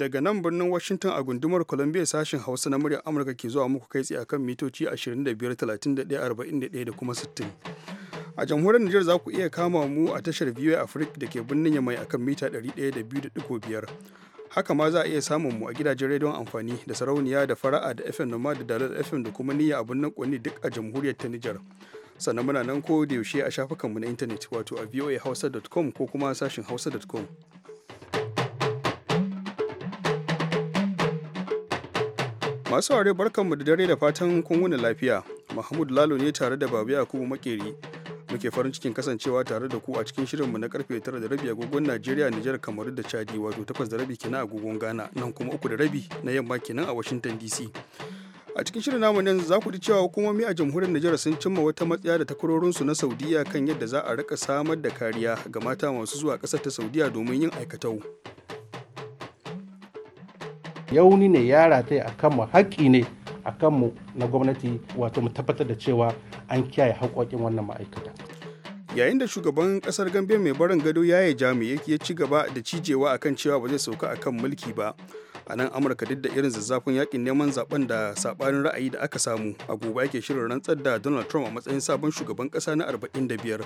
daga nan birnin Washington a gundumar Columbia sashen Hausa na muryar Amurka ke zuwa muku kai tsaye akan mitoci 25, 31, 41 da kuma 60. a jamhuriyar Nijar za ku iya kama mu a tashar VOA Africa da ke birnin Yamai akan mita 102.5. Haka ma za a iya samun mu a gidajen rediyon amfani da sarauniya da fara'a da FM Noma da Dalar FM da kuma niyya a birnin Kwani duk a jamhuriyar ta Nijar. Sannan muna nan ko da yaushe a shafukanmu na intanet wato a voahausa.com ko kuma sashin hausa.com. Masu ware barkanmu da dare da fatan kun wuni lafiya. Mahmud Lalo ne tare da Babu Yakubu Makeri. Muke farin cikin kasancewa tare da ku a cikin shirinmu na karfe 9 da rabi agogon Najeriya, Nijar, Kamaru da Chadi wato 8 da rabi kenan agogon Ghana nan kuma 3 da rabi na yamma kenan a Washington DC. A cikin shirin namu nan za ku ji cewa hukumomi a jamhuriyar Nijar sun cimma wata matsaya da takwarorinsu na Saudiya kan yadda za a rika samar da kariya ga mata masu zuwa ƙasar ta Saudiya domin yin aikatau. yauni ne ya rataya a kanmu haƙƙi ne a kanmu na gwamnati wato mu tabbatar da cewa an kiyaye haƙoƙin wannan ma'aikata. yayin da shugaban kasar gambia mai barin gado ya yi jami'ai ya ci gaba da cijewa akan cewa ba zai sauka akan mulki ba a nan amurka duk da irin zazzafin yakin neman zaben da sabanin ra'ayi da aka samu a gobe yake shirin rantsar da donald trump a matsayin sabon shugaban kasa na 45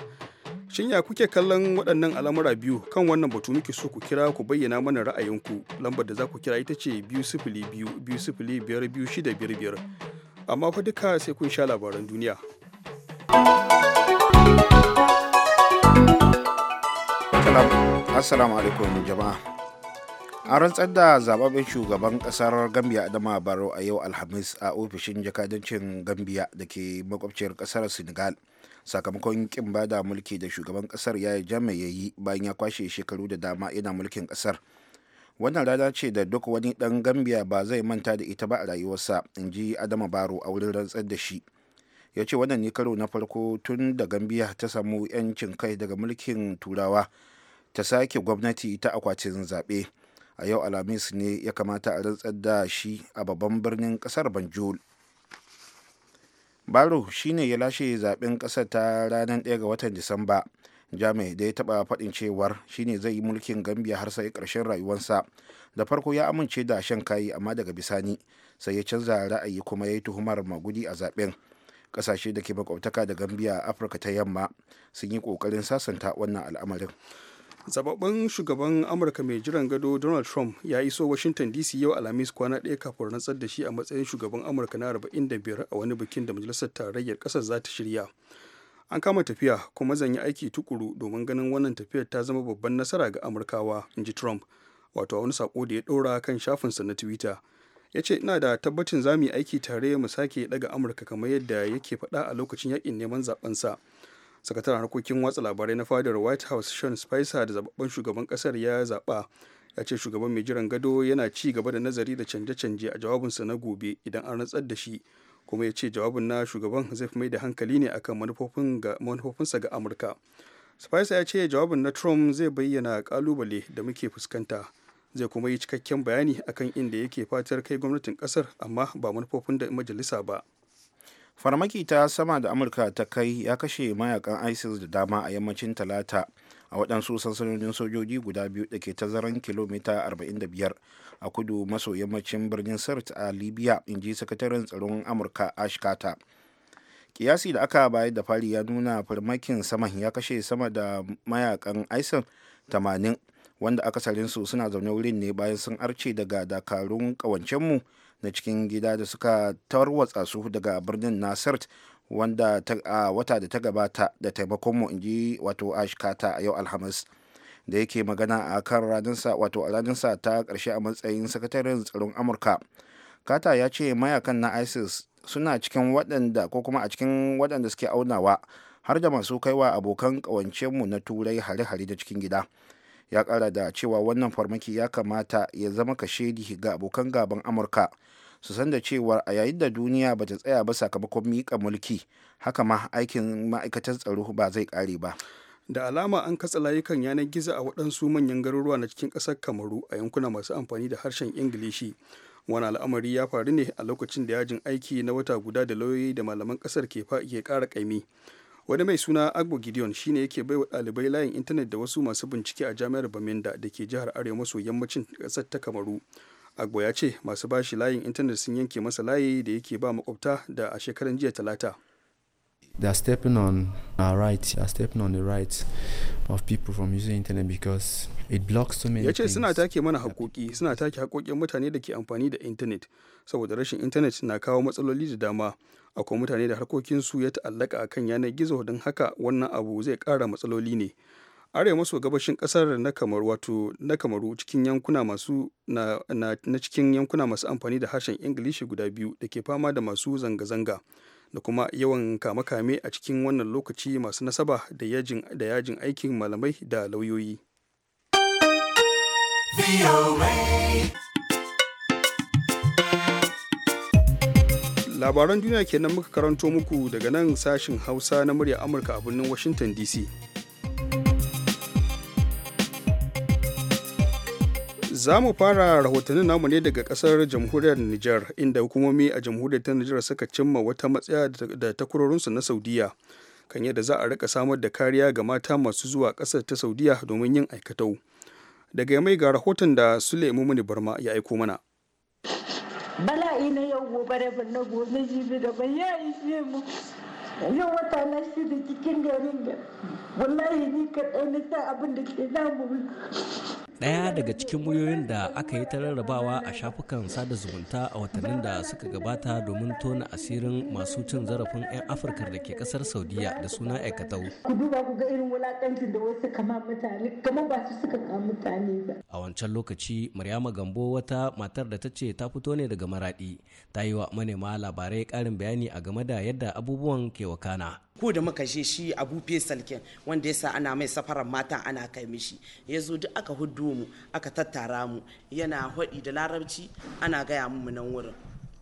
Shin ya kuke kallon waɗannan al'amura biyu kan wannan batu muke so ku kira ku bayyana mana ra'ayinku lambar da za ku kira ita ce biyu sifili biyu biyu sifili biyar biyu shida biyar biyar amma fa duka sai kun sha labaran duniya. Assalamu alaikum jama'a. an rantsar da zababben shugaban kasar gambia adama baro a yau alhamis a ofishin jakadancin gambia da ke makwabciyar kasar senegal sakamakon kin bada mulki da shugaban kasar ya jame ya yi bayan ya kwashe shekaru da dama yana mulkin kasar wannan rana ce da duk wani dan gambia ba zai manta da ita ba a rayuwarsa in ji adama baro a wurin rantsar da shi ya ce wannan ne karo na farko tun da gambia ta samu 'yancin kai daga mulkin turawa ta sake gwamnati ta akwatin zaɓe a yau alhamis ne ya kamata a rantsar da shi a babban birnin ƙasar banjul baro shine ya lashe zaben kasa ta ranar 1 ga watan disamba jami da ya taba faɗin cewar shine zai yi mulkin gambia har sai karshen rayuwarsa da farko ya amince da shan kayi amma daga bisani sai ya canza ra'ayi kuma ya yi tuhumar magudi a zaben ƙasashe da ke makwabtaka da gambia afirka ta yamma sun yi ƙoƙarin sasanta wannan al'amarin zababben shugaban amurka mai jiran gado donald trump ya iso washington dc yau alhamis kwana ɗaya kafin rantsar da shi a matsayin shugaban amurka na 45 a wani bikin da majalisar tarayyar ƙasar za ta shirya an kama tafiya kuma zan yi aiki tukuru domin ganin wannan tafiyar ta zama babban nasara ga amurkawa in ji trump wato a wani sako da ya ɗora kan shafinsa na twitter ya ce ina da tabbacin za mu yi aiki tare mu sake daga amurka kamar yadda yake faɗa a lokacin yaƙin neman zaɓensa sa sakataren harkokin watsa labarai na fadar white house sean spicer da zababben shugaban kasar ya zaba ya ce shugaban mai jiran gado yana ci gaba da nazari da canje-canje a jawabinsa na gobe idan an rantsar da shi kuma ya ce jawabin na shugaban zai fi mai da hankali ne akan manufofinsa ga amurka spicer ya ce jawabin na trump zai bayyana kalubale da muke fuskanta zai kuma yi cikakken bayani akan inda yake fatar kai gwamnatin kasar amma ba manufofin da majalisa ba farmaki ta sama da amurka ta kai ya kashe mayakan isis da dama a yammacin talata a waɗansu sansanonin sojoji guda biyu da ke tazaran kilomita 45 a kudu maso yammacin birnin sirt a libya in ji sakataren tsaron amurka ashkata kiyasi da aka bayar da fari ya nuna farmakin saman ya kashe sama da mayakan isis 80 wanda akasarinsu suna zaune wurin ne bayan sun arce daga dakarun kawancen mu na cikin gida da suka tarwatsa su daga birnin nasirt wanda a wata da ta gabata da taimakonmu in ji wato ashkata a yau alhamis da yake magana a kan ranarsa wato ranarsa ta karshe a matsayin sakataren tsaron amurka kata ya ce mayakan na isis suna cikin waɗanda ko kuma a cikin waɗanda suke aunawa har da masu kaiwa abokan ƙawancenmu na turai hari-hari da cikin gida ya kara da cewa wannan farmaki ya kamata ya zama kashedi ga abokan gaban amurka su san da cewa a yayin da duniya ba ta tsaya ba sakamakon miƙa mulki haka ma aikin ma'aikatar tsaro ba zai kare ba da alama an katsa layukan yanar gizo a waɗansu manyan garuruwa na cikin ƙasar kamaru a yankuna masu amfani da harshen ingilishi wani al'amari ya faru ne a lokacin da yajin aiki na wata guda da lauyoyi da malaman ƙasar ke ƙara ƙaimi wani mai suna agbo gideon shine yake bai wa ɗalibai layin intanet da wasu masu bincike a jami'ar bamenda da ke jihar arewa maso yammacin ƙasar ta kamaru agbo ya ce masu bashi layin intanet sun yanke masa layi da yake ba makwabta da a shekaran jiya talata They are stepping on our rights, they are stepping on the rights of people from using internet because it blocks so many. Ya ce suna take mana haƙoƙi, suna take hakokin mutane da ke amfani da intanet saboda rashin intanet na kawo matsaloli da dama. Akwai mutane da su ya ta'allaka akan yanar gizo don haka wannan abu zai kara matsaloli ne. arewa maso gabashin kasar na kamar wato na kamaru cikin yankuna masu na, na, na cikin yankuna masu amfani da harshen ingilishi guda biyu da ke fama da masu zanga-zanga da kuma yawan kame-kame a cikin wannan lokaci masu nasaba da yajin aikin malamai da lauyoyi. Labaran duniya kenan muka karanto muku daga nan sashin Hausa na murya Amurka a birnin Washington DC. za mu fara rahotannin namu ne daga kasar jamhuriyar Nijar inda hukumomi a jamhuriyar ta Nijar suka cimma wata matsaya da takwarorinsu na Saudiya kan yadda za a rika samar da kariya ga mata masu zuwa kasar ta Saudiya domin yin aikatau. Daga mai ga rahoton da Sule Mumuni Barma ya aiko mana. Bala'i na yau gobe da na gobe jibi da ya ishe mu. yau wata na shida cikin garin da wallahi ni kaɗai na sa abin da ke damu ɗaya daga cikin muryoyin da aka yi ta rarrabawa a shafukan sada zumunta a watannin da suka gabata domin tona asirin masu cin zarafin 'yan afirka da ke kasar saudiya da suna aikatau ku duba ku ga irin wulaƙancin da wasu kama mutane kama ba su suka kama mutane ba a wancan lokaci maryama gambo wata matar da ta ce ta fito ne daga maraɗi ta yi wa manema labarai ƙarin bayani a game da yadda abubuwan ke wakana ko da muka je shi abu ken wanda yasa ana mai safarar mata ana kai mishi ya zo duk aka hudu mu aka tattara mu yana haɗi da larabci ana gaya mu nan wurin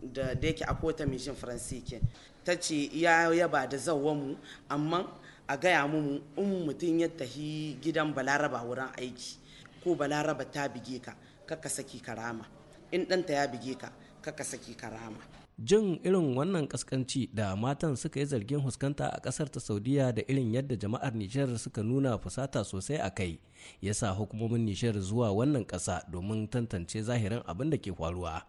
da da yake akwai wata faransi faransikin ta ce ya yaba da mu amma a gaya mu in mutum ya tahi gidan balaraba wurin aiki ko balaraba ta bige ka kaka saki karama in ɗanta ya bige ka kaka saki karama jin irin wannan kaskanci da matan suka yi zargin huskanta a kasar ta saudiya da irin yadda jama'ar nijar suka nuna fusata sosai a kai ya sa hukumomin nijar zuwa wannan kasa domin tantance zahirin abin da ke faruwa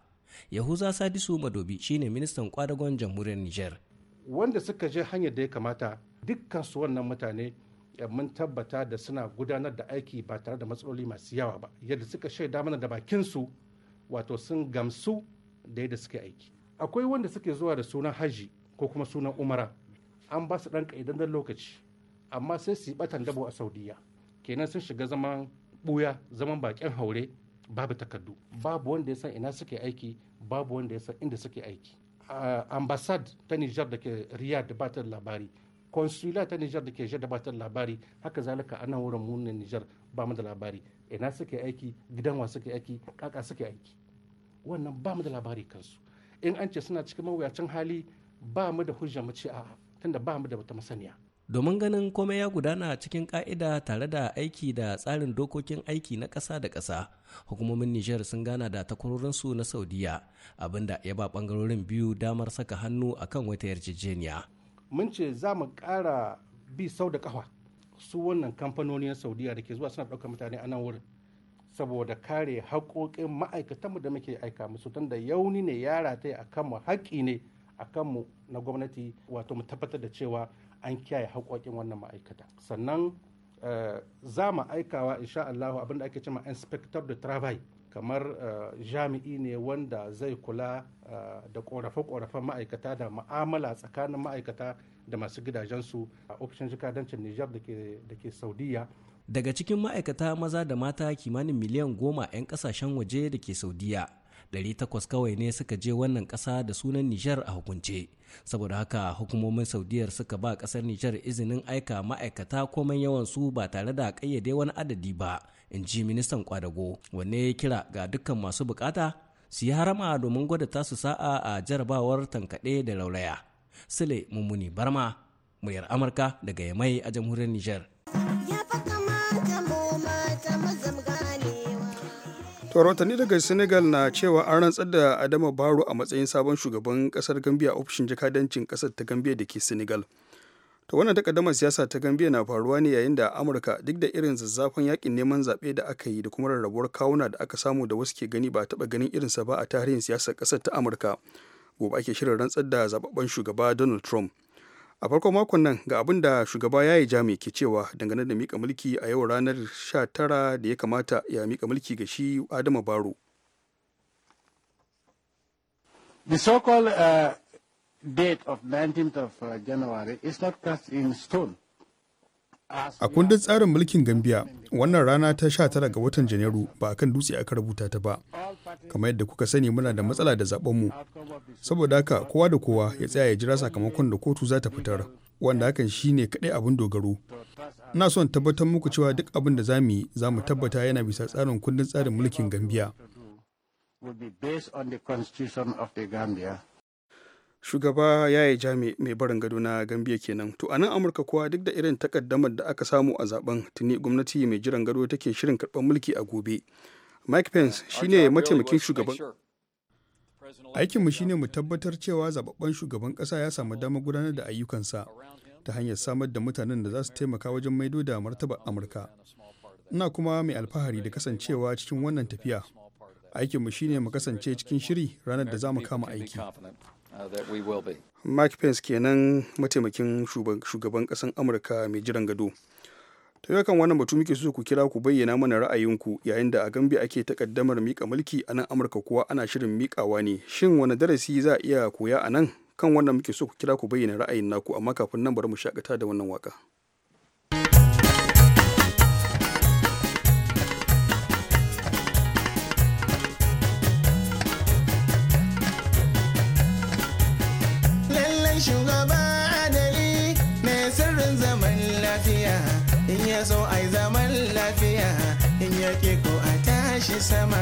yahuza sadisu madobi shine ministan kwadagon jamhuriyar nijar wanda suka je hanyar da ya kamata dukkan su wannan mutane eh, mun tabbata da suna gudanar da aiki ba tare da matsaloli masu yawa ba yadda suka shaida mana da bakinsu wato sun gamsu da yadda suka aiki akwai wanda suke zuwa da sunan haji ko kuma sunan umara an ba su dan ƙaidandan lokaci amma sai su yi batan dabo a saudiya kenan sun shiga zaman buya zaman baƙin haure babu takardu babu wanda ya san ina suke aiki babu wanda ya san inda suke aiki ambassad ta nijar da ke riyadh ba ta labari konsula ta nijar da ke jada ba ta labari haka zalika ana wurin munin nijar ba mu da labari ina suke aiki gidan wa suke aiki kaka suke aiki wannan ba mu da labari kansu in an ce suna cikin mawuyacin hali ba mu da hujja mu ce a'a tunda ba mu da wata masaniya domin ganin komai ya gudana cikin ka'ida tare da aiki da tsarin dokokin aiki na ƙasa da ƙasa hukumomin nijar sun gana da takwarorinsu na saudiya abinda ya ba ɓangarorin biyu damar saka hannu akan wata yarjejeniya mun ce za mu ƙara bi sau da ƙafa su wannan kamfanoni na saudiya da ke zuwa suna ɗaukar mutane a nan wurin saboda kare haƙoƙin ma'aikatanmu da muke aika musu tun da yauni ne ya rataye a kanmu haƙƙi ne a kanmu na gwamnati wato mu tabbatar da cewa an kiyaye haƙoƙin wannan ma'aikata sannan eh, za mu aikawa insha Allah abinda ake cewa inspector de travail kamar eh, jami'i ne wanda zai kula eh, da ƙorafe-ƙorafen ma'aikata da ma'amala tsakanin ma'aikata da masu gidajensu a ofishin jikadancin Nijar da ke Saudiya daga cikin ma'aikata maza da mata kimanin miliyan goma 'yan kasashen waje da ke saudiya 800 kawai ne suka je wannan ƙasa da sunan nijar a hukunce saboda haka hukumomin saudiyar suka ba kasar nijar izinin aika ma'aikata komai yawan su ba tare da kayyade wani adadi ba in ji ministan kwadago wanne ya kira ga dukkan masu bukata su yi harama domin gwada tasu sa'a a jarabawar tankaɗe da laulaya sule mummuni barma muyar amurka daga yamai a jamhuriyar nijar rahotanni daga senegal na cewa an rantsar da adama baro a matsayin sabon shugaban kasar gambia ofishin jakadancin kasar ta gambia da ke senegal ta wannan takaddamar siyasa ta gambia na faruwa ne yayin da amurka duk da irin zazzafan yakin neman zaɓe da aka yi da kuma rarrabuwar kawuna da aka samu da wasu ke gani ba taɓa ganin irinsa ba a tarihin siyasar kasar ta amurka gobe ake shirin rantsar da zababben shugaba donald trump a farkon makon nan ga abin da shugaba ya yi jami ke cewa dangane da mika mulki a yau ranar 19 da ya kamata ya mika mulki ga shi adama baro the so-called uh, date of 19th of uh, january is not cast in stone A kundin tsarin mulkin Gambia, wannan rana ta sha 19 ga watan Janairu ba a kan dutse aka rubuta ta ba. Kamar yadda kuka sani muna da matsala da zaɓenmu. Saboda haka kowa da kowa ya tsaya ya jira sakamakon da kotu za ta fitar, wanda hakan shine kaɗai abin dogaro. Ina son tabbatar muku cewa duk abin da za mu yi za mu tabbata yana bisa tsarin kundin tsarin mulkin gambiya be based on of the Gambia. shugaba ya yi jami mai barin gado na gambia kenan to a nan amurka kuwa duk da irin takaddamar da aka samu a zaben tuni gwamnati mai jiran gado take shirin karɓar mulki a gobe mike pence shine mataimakin shugaban aikinmu shine mu tabbatar cewa zababben shugaban kasa ya samu damar gudanar da ayyukansa ta hanyar samar da mutanen da za su taimaka wajen maido da martabar amurka ina kuma mai alfahari da kasancewa cikin wannan tafiya aikinmu shine mu kasance cikin shiri ranar da za mu kama aiki Uh, Mike Pence kenan mataimakin shugaban kasan Amurka mai jiran gado. Ta yi kan wannan batu muke so ku kira ku bayyana mana ra'ayinku yayin da a Gambia ake takaddamar mika mulki a nan Amurka kuwa ana shirin mikawa ne. Shin wani darasi za a iya koya a nan? Kan wannan muke so ku kira ku bayyana ra'ayin naku amma kafin nan bari mu shakata da wannan waka. ya ko a tashi sama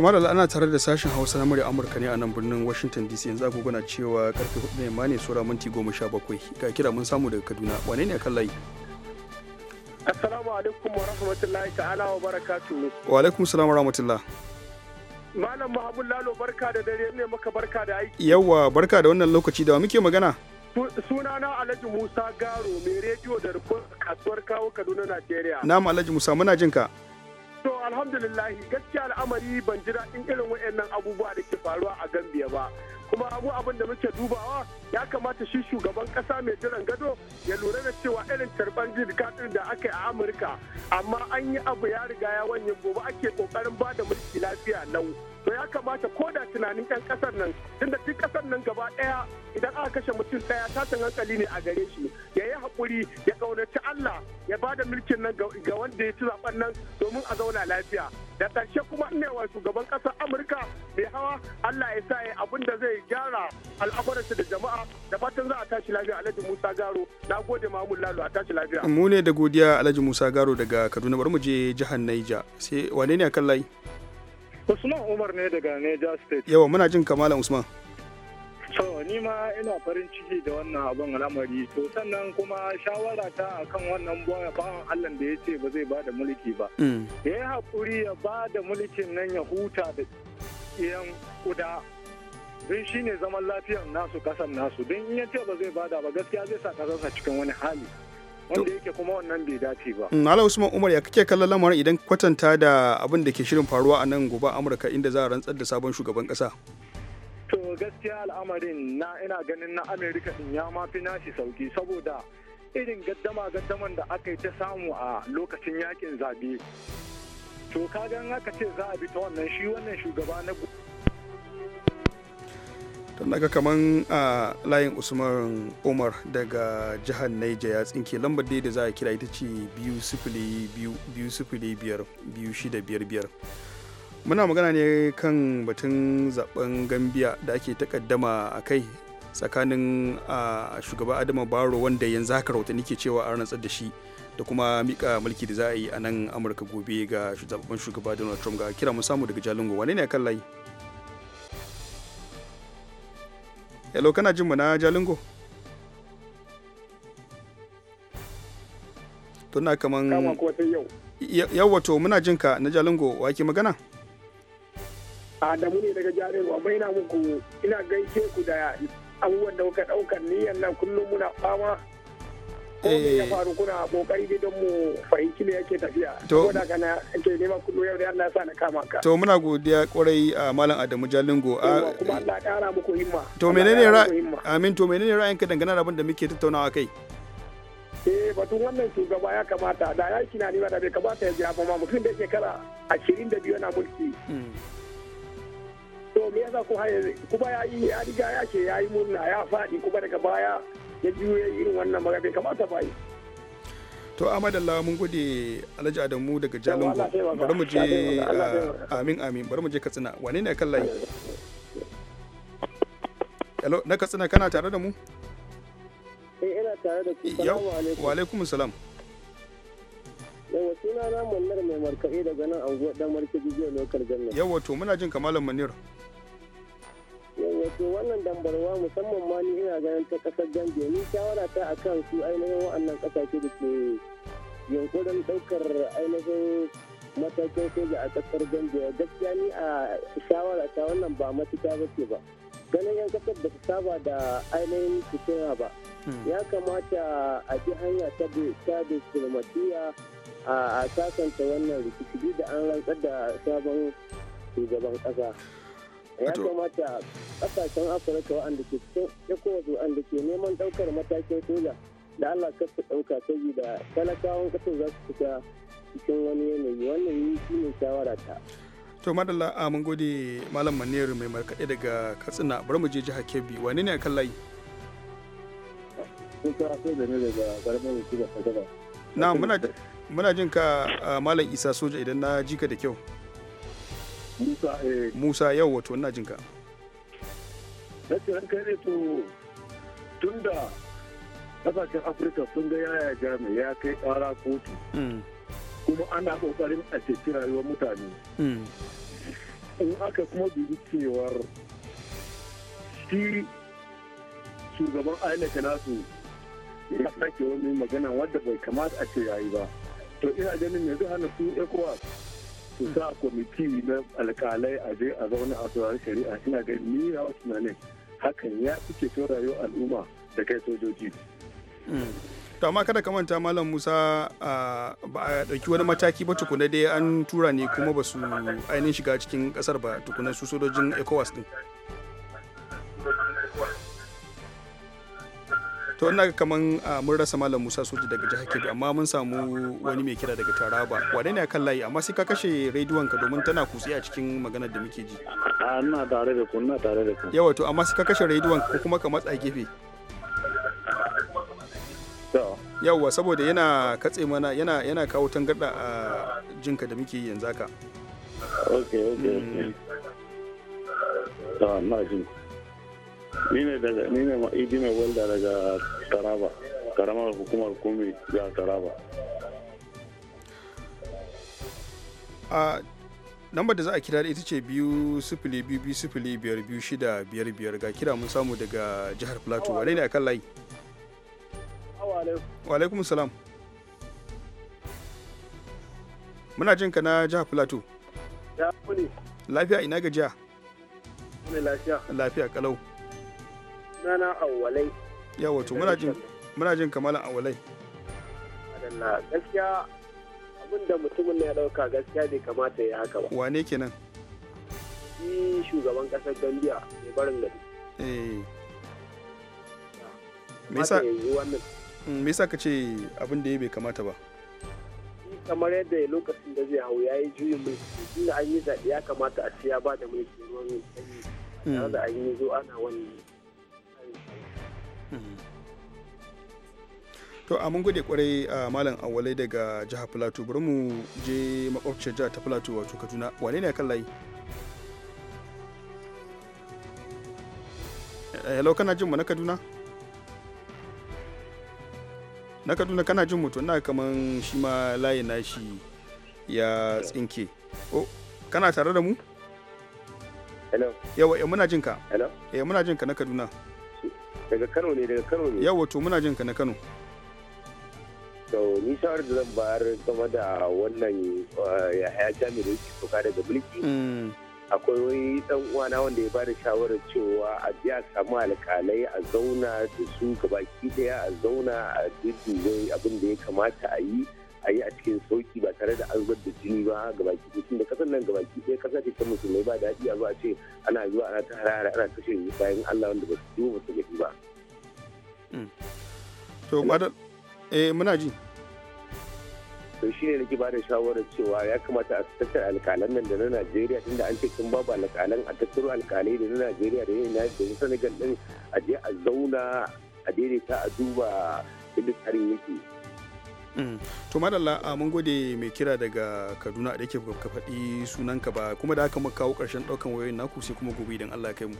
kamar da ana tare da sashen hausa na murya amurka ne a nan birnin washington dc yanzu na cewa karfe hudu ne ma ne sura minti goma sha bakwai ga kira mun samu daga kaduna wane ne kan layi assalamu alaikum wa rahmatullahi ta'ala wa barakatuhu wa alaikum salam wa rahmatullah malam mahabul lalo barka da dare ne maka barka da aiki yawa barka da wannan lokaci da muke magana sunana alhaji musa garo mai rediyo da rikon kasuwar kawo kaduna najeriya mu alhaji musa muna jin ka To alhamdulillah gaskiya al'amari ban ji daɗin irin waɗannan abubuwa da ke faruwa a Gambia ba. Kuma abu abin da muke dubawa ya kamata shi shugaban ƙasa mai jiran gado ya lura da cewa irin tarban jirgin da aka yi a Amurka amma an yi abu ya riga ya wanye gobe ake ƙoƙarin ba da mulki lafiya lau. To ya kamata ko da tunanin 'yan ƙasar nan tunda gaba ɗaya idan aka kashe mutum ɗaya tashin hankali ne a gare shi ya yi haƙuri ya ƙaunaci Allah ya ba da mulkin nan ga wanda ya ci zaɓen nan domin a zauna lafiya da ƙarshe kuma ne wa shugaban ƙasar Amurka mai hawa Allah ya sa ya abin da zai gyara al'amuransa da jama'a da fatan za a tashi lafiya Alhaji Musa Garo na gode Mamun Lalo a tashi lafiya. Mu ne da godiya Alhaji Musa Garo daga Kaduna bari mu je jihar Naija sai wane ne a kan Usman Umar ne daga Niger State. Yawa muna jin kamalan Usman. So ni ma ina farin ciki da wannan abin al'amari to sannan kuma shawara ta akan wannan an Allah da yace ce ba zai bada mulki ba. Mm. Ya yi haƙuri ya bada mulkin nan ya huta da iyan kuda don shi ne zaman lafiyar nasu kasan nasu don in ya ba zai bada ba gaskiya zai sa kasarsa cikin wani hali wanda yake kuma wannan bai dace ba. Nala mm, Usman Umar ya kake kallon lamarin idan kwatanta da abin da ke shirin faruwa a nan gobe Amurka inda za a rantsar da sabon shugaban kasa. To gaskiya al'amarin na ina ganin na Amerika din ya mafi nashi sauki saboda irin gaddama gaddaman da aka yi ta samu a lokacin yakin zabe. To kagan aka ce za a bi ta wannan shi wannan shugaba na tun daga kaman a layin usman umar daga jihar naija ya tsinke lambar da za a kira ita ce biyu sifili biyu sifili biyar biyu shida biyar biyar muna magana ne kan batun zaben gambia da ake takaddama a kai tsakanin shugaba adama baro wanda yanzu haka rahotanni ke cewa a rantsar da shi da kuma mika mulki da za a yi a nan amurka gobe ga zaben shugaba donald trump ga kira mu samu daga jalingo wane ne kan layi hello kana jin mu na jalingo tun na kaman yau wato muna jinka na jalingo wake magana Adamu ne daga jarewa bai na muku ina gaishe ku da abubuwan da kuka ɗaukar niyyar nan kullum muna fama Ko ya eh. faru kuna kokari dai don mu fahimci me yake tafiya saboda kana ke nema kullu yau da Allah ya sa na kama ka to muna godiya kwarai a malam Adamu Jalingo a kuma Allah ya kara muku himma to menene amin to menene ra'ayinka dangane da abin da muke tattaunawa kai eh batun wannan shugaba ya kamata da yaki na ni ne da bai kamata ya ji ba ma mutum da shekara 22 yana mulki hmm. to me yasa ku haye kuma ya yi ya riga ya ce ya yi murna ya faɗi kuma daga baya ya juye irin wannan magana bai kamata ba yi to Ahmad Allah mun gode Alhaji Adamu daga Jalingo bari mu je ah, amin amin bari mu je Katsina wane ne kan layi Hello na Katsina kana tare da mu Eh ina tare da ku salamu alaikum wa alaikum salam yawa suna na Munnar mai markaɗe daga nan anguwar dan markaɗe jiya lokal janna yawa to muna jin kamalan Munir ke wannan dambarwa musamman ma ni ina ganin ta kasar gambia ni shawara ta akan su ainihin wa'annan kasashe da ke yankunan daukar ainihin matakin soja a kasar gambia gaskiya ni a shawara ta wannan ba matuka ba ce ba ganin yan kasar da su saba da ainihin fitina ba hmm. ya kamata a ji hanya ta da diplomatiya a sasanta wannan rikici da an rantsar da sabon shugaban kasa ya kamata kasashen afirka waɗanda ke cikin ecowas waɗanda ke neman ɗaukar matakin soja da allah kar su ɗauka saboda talakawan ƙasar za su fita cikin wani yanayi wannan yi shi ne shawara ta to madalla a mun gode malam maniyar mai markaɗe daga katsina bari mu je jihar kebbi wane ne a kan layi na muna jin ka malam isa soja idan na ji ka da kyau Musa eh. Musa yau wato ina jinka. Na ce kai ne to tun da kasashen Afirka sun ga yaya jami ya kai ƙara kotu. Mm. Kuma ana ƙoƙarin a ceci rayuwar mutane. Mm. In aka kuma bibi cewar shi shugaban ainihin nasu ya sake wani magana wadda bai kamata a ce yayi ba. To ina ganin yanzu hana su ECOWAS su sa kwamiti na alkalai a je a zauna a saurari shari'a ina ga ni na tunanin hakan ya fi ceto rayuwar al'umma da kai sojoji. to amma kada ka manta malam musa ba a ɗauki wani mataki ba tukuna dai an tura ne kuma ba su ainihin shiga cikin ƙasar ba tukuna su sojojin ecowas din. to ina kaman ah, mun rasa malam musa soji daga jihar kebbi amma mun samu wani mai kira daga taraba wane ne kan layi amma sai ka kashe rediyon ka domin tana kutse a cikin maganar da muke ji ina tare da ku ina tare da ku yawa to amma sai ka kashe rediyon ko kuma ka matsa gefe yawa saboda yana katse mana yana yana kawo tangarda a jinka da muke yanzu haka okay okay okay mm. na Ni ne daga ni ne Idi mai walda daga Taraba, karamar hukumar Kumi ga Taraba. A lambar da za a kira da ita ce biyu sifili biyu biyu sifili biyar biyu shida biyar biyar ga kira mun samu daga jihar Plateau. Wale ne a kan layi? Wa alaikum salam. muna jin ka na jihar plateau lafiya ina ga jiha lafiya kalau sunana awalai yawa to muna jin kamala kamalan awalai gaskiya abin da mutumin ne ya dauka gaskiya bai kamata ya haka ba wane kenan shi shugaban kasar gambia mai barin gari eh mm, me yasa ka ce kace abin da ya bai kamata ba kamar yadda lokacin da zai hau ya yi juyin mulki da an yi zaɓe ya kamata a ce ya ba da mulki ruwan yi mm. tare da an yi zo ana wani to a mun gode kwarai a malam awalai daga jihar plateau bari mu je makwabciyar jihar ta plateau wato kaduna wane ne kan layi eh, hello kana jin mu na kaduna na kaduna kana jin mutum na kaman shi ma layi na shi ya tsinke oh kana tare da mu hello yawa ya eh, muna jinka hello ya eh, muna jinka na kaduna daga kano ne daga kano ne yawa to muna jinka na kano to ni shawarar da zan bayar game da wannan eh, haya jami'in da yake soka daga mulki mm. akwai wani dan uwana wanda ya bada shawarar cewa a biya a samu alkalai a zauna da su gabaki daya a zauna a dudduba abin da ya kamata a yi a yi a cikin sauki ba tare da an zubar da jini ba gabaki tun da kasan nan gabaki daya kasa ce ta musulmai ba daɗi a zuwa ce ana zuwa ana ta harara ana kashe bayan Allah wanda ba su ba su ba. Mm. To, eh muna ji to shi ne nake bada shawarar cewa ya kamata a tattara alkalan nan da na Najeriya tunda an ce tun babu alkalan a tattaro alkalai da na Najeriya da yana da Senegal din a je a zauna a daidaita a duba inda tsarin yake mm. to madalla mun gode mai kira daga Kaduna da yake ka faɗi sunanka ba kuma da haka muka kawo ƙarshen ɗaukan wayoyin naku sai kuma gobe idan Allah ya kai mu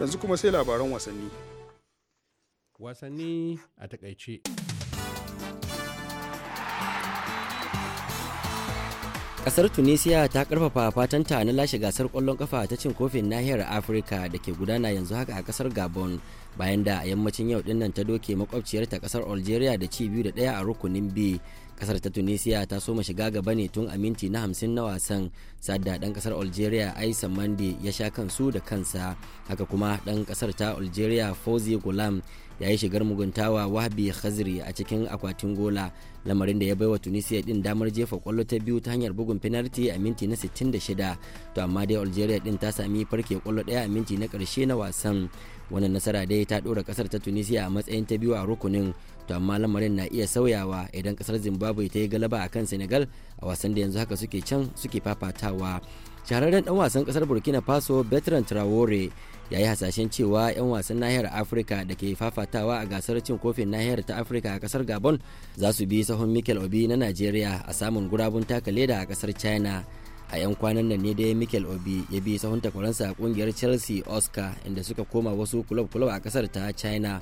yanzu kuma sai labaran wasanni wasanni a takaice kasar tunisia ta karfafa fatanta na lashe gasar kwallon kafa ta cin kofin nahiyar afirka da ke gudana yanzu haka a kasar gabon bayan da a yammacin yau dinnan ta doke makwabciyarta kasar algeria da ci biyu da daya a rukunin b kasar ta tunisia ta soma shiga gaba ne tun a minti na hamsin na wasan sadda dan kasar algeria aisa mande ya sha kansu da kansa haka kuma dan kasar ta algeria fauzi gulam ya yi shigar muguntawa wahabi khazri a cikin akwatin gola lamarin da ya baiwa tunisia din damar jefa kwallo ta biyu ta hanyar bugun penalty a minti na 66 to amma dai algeria din ta sami farke kwallo daya a minti na karshe na wasan wannan nasara dai ta dora kasar ta tunisia a matsayin ta biyu a rukunin to amma lamarin na iya sauyawa idan kasar zimbabwe ta yi galaba a kan senegal a wasan da yanzu haka suke can suke fafatawa shahararren dan wasan kasar burkina faso bertrand traore ya yi hasashen cewa 'yan wasan nahiyar afirka da ke fafatawa a gasar cin kofin nahiyar ta afirka a kasar gabon za su bi sahun mikel obi na nigeria a samun gurabun taka leda a kasar china a 'yan kwanan nan ne dai mikel obi ya bi sahun takwaransa a kungiyar chelsea oscar inda suka koma wasu kulob-kulob a kasar ta china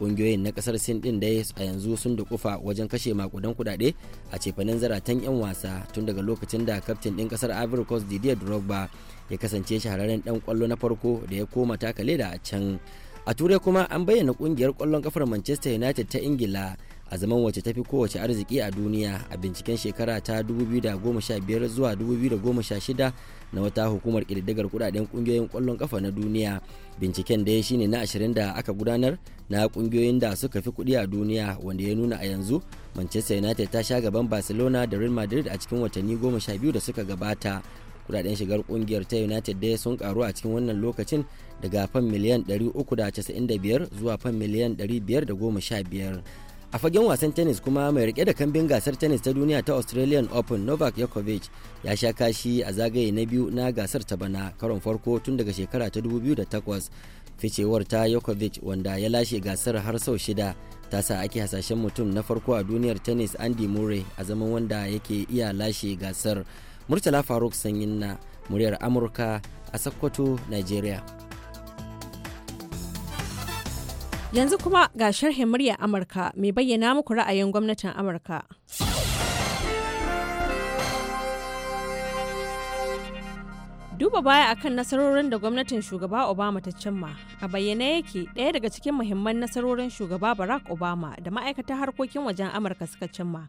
ƙungiyoyin na ƙasar sin ɗin dai a yanzu sun da kufa wajen kashe makudan kuɗaɗe a cefanen zaratan 'yan wasa tun daga lokacin da kaftin din ƙasar ivory coast didier drogba ya kasance shahararren dan ƙwallo na farko da ya koma taka leda a can a turai kuma an bayyana ƙungiyar ƙwallon kafar manchester united ta ingila a zaman wacce tafi kowace arziki a duniya a binciken shekara ta 2015 zuwa 2016 na wata hukumar ƙididdigar kudaden kungiyoyin kwallon kafa na duniya binciken da ya shine na 20 da aka gudanar na kungiyoyin da suka fi kudi a duniya wanda ya nuna a yanzu manchester united ta sha gaban barcelona da real madrid a cikin watanni 12 da suka gabata kudaden shigar kungiyar ta united dai sun karu a cikin wannan lokacin daga fan miliyan 395 zuwa fan miliyan 515 a fagen wasan tennis kuma mai rike da kambin gasar tennis ta duniya ta australian open novak yakovic ya sha kashi a zagaye na biyu na gasar ta bana karon farko tun daga shekara ta 2008 ficewar ta yakovic wanda ya lashe gasar har sau shida ta sa ake hasashen mutum na farko a duniyar tennis andy murray a zaman wanda yake iya lashe gasar murtala faruk sanyin na muryar amurka a sokoto nigeria Yanzu kuma ga sharhin murya Amurka mai bayyana muku ra'ayin gwamnatin Amurka. Duba baya akan nasarorin da gwamnatin shugaba Obama ta cimma, a bayyana yake ɗaya daga cikin muhimman nasarorin shugaba Barack Obama da ma'aikatar harkokin wajen Amurka suka cimma.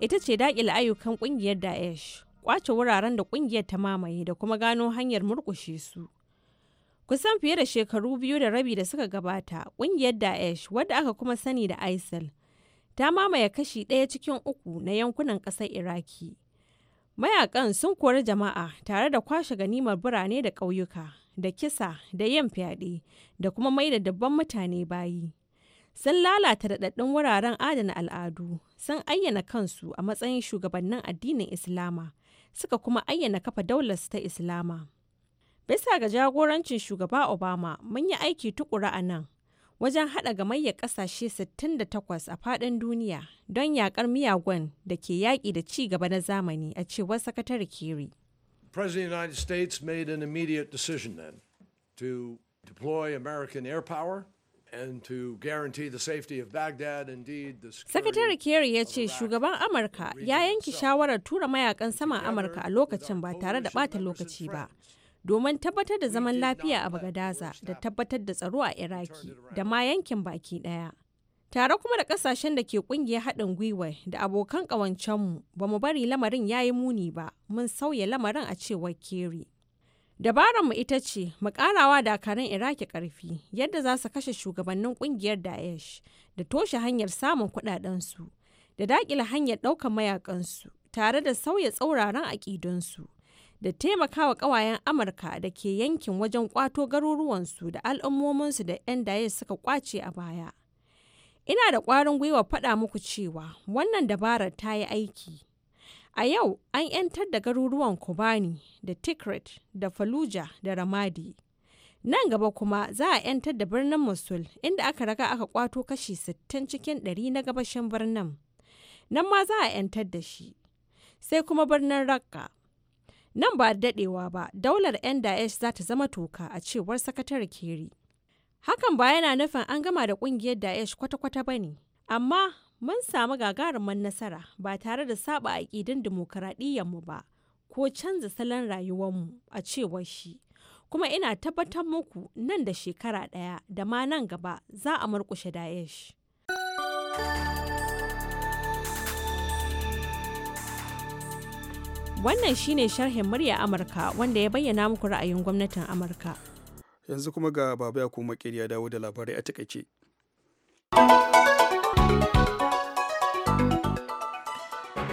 Ita ce daƙile ayyukan ƙungiyar Daesh, ƙwace wuraren da ƙungiyar ta mamaye da kuma gano hanyar murkushe su. Kusan fiye da shekaru biyu da rabi da suka gabata, ƙungiyar Daesh, wadda aka kuma sani da ISIL, ta mamaye kashi ɗaya cikin uku na yankunan ƙasar Iraki. Mayakan sun kori jama'a tare da kwashe ganimar birane da ƙauyuka, da kisa, da yin fyaɗe, da kuma mai da dabban mutane bayi. Sun lalata daɗaɗɗun wuraren adana al'adu, sun ayyana kansu a matsayin shugabannin addinin Islama, suka kuma ayyana kafa daular ta Islama. Bisa ga jagorancin shugaba Obama, mun yi aiki tukura a nan wajen haɗa gamayya ƙasashe 68 a faɗin duniya don yaƙar miyagun da ke yaƙi da ci gaba na zamani a cewar Sakatare kiri Sakatare Kerry ya ce shugaban Amurka ya yanke shawarar tura mayakan saman Amurka a lokacin ba tare da bata lokaci ba. domin tabbatar da zaman lafiya a Bagadaza da tabbatar da tsaro a Iraki da ma yankin baki daya Tare kuma da kasashen da ke ƙungiyar haɗin gwiwa da abokan ƙawancenmu ba mu bari lamarin ya yi muni ba, mun sauya lamarin a cewar keri Dabararmu ita ce mu karawa dakarun Iraki ƙarfi yadda za su kashe shugabannin kungiyar Daesh da toshe hanyar samun kuɗaɗensu da daƙila hanyar ɗaukar mayakansu tare da sauya tsauraran aƙidansu. da taimakawa ƙawayen Amurka da ke yankin wajen ƙwato garuruwansu da al'ummominsu da 'yan daye suka kwace a baya. Ina da ƙwarin gwiwa faɗa muku cewa wannan dabarar ta yi aiki. A yau an 'yantar da garuruwan Kobani da Tikrit da Fallujah da Ramadi. Nan gaba kuma za a 'yantar da birnin musul inda aka raga aka kwato kashi 60 cikin 100 na gabashin birnin. Nan ma za a 'yantar da shi. Sai kuma birnin Raqqa Nan ba dadewa ba, daular 'yan Daesh za ta zama toka a cewar sakatare Keri. Hakan ba yana nufin an gama da ƙungiyar Daesh kwata-kwata ba ne, amma mun samu gagarumin nasara ba tare da saba aƙidin mu ba ko canza salon rayuwarmu a cewar shi. Kuma ina tabbatar muku nan da shekara ɗaya da ma nan gaba za a murkushe Daesh. Wannan shine sharhin murya Amurka wanda ya bayyana muku ra'ayin gwamnatin Amurka. Yanzu kuma ga Baba ya kuma ya dawo da labarai a takaice.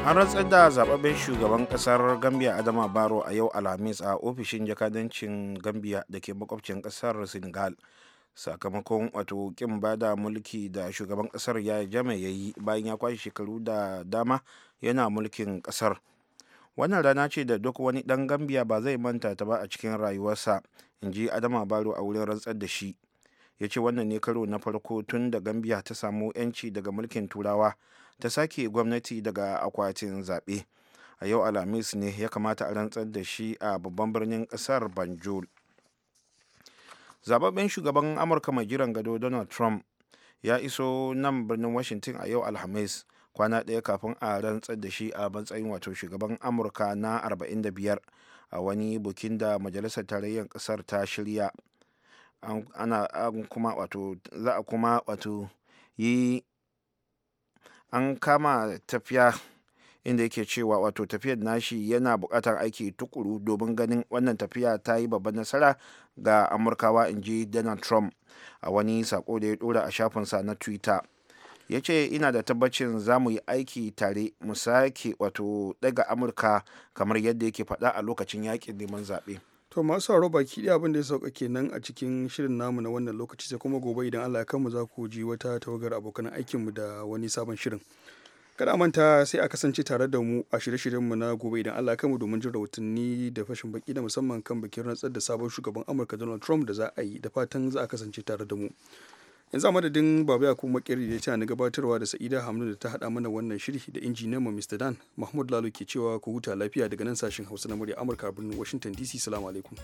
An rantsar da zababben shugaban kasar Gambia Adama Baro a yau Alhamis a ofishin jakadancin Gambia da ke makwabcin kasar Senegal. sakamakon wato kin bada mulki da shugaban kasar ya jame ya bayan ya kwashe shekaru da dama yana mulkin kasar wannan rana ce da duk wani dan gambiya ba zai manta ta ba a cikin rayuwarsa in ji adama baro a wurin rantsar da shi ya ce wannan ne karo na farko tun da gambiya ta samu 'yanci daga mulkin turawa ta sake gwamnati daga akwatin zaɓe a yau alhamis ne ya kamata a rantsar da shi a babban birnin ƙasar banjul zababben shugaban amurka mai jiran gado donald trump ya iso nan birnin washington a yau alhamis kwana ɗaya kafin a rantsar da shi a matsayin wato shugaban amurka na 45 a wani bukin da majalisar tarayyar ƙasar ta shirya ana kuma za a kuma wato yi an kama tafiya inda yake cewa wato tafiyar nashi yana buƙatar aiki tukuru domin ganin wannan tafiya ta yi babban nasara ga amurkawa in ji donald trump a wani sako da ya dora a shafinsa na twitter ya ce ina da tabbacin za mu yi aiki tare mu sake wato daga amurka kamar yadda yake faɗa a lokacin yakin neman zaɓe to masu sauraro baki ɗaya abin ya sauka kenan a cikin shirin namu na wannan lokaci sai kuma gobe idan allah ya kanmu za ku ji wata tawagar abokan aikinmu da wani sabon shirin kada manta sai a kasance tare da mu a shirye-shiryenmu shiryen na gobe idan Allah kanmu domin jin rahotanni da fashin baki da musamman kan bikin rantsar da sabon shugaban Amurka Donald Trump da za a yi da fatan za a kasance tare da mu. yanzu a madadin babu ya kuma da da ta na gabatarwa da sa'ida hamdu da ta hada mana wannan shiri da injiniyan mu mr dan mahmud lalo ke cewa ku huta lafiya daga nan sashen hausa na murya amurka birnin washington dc salamu alaikum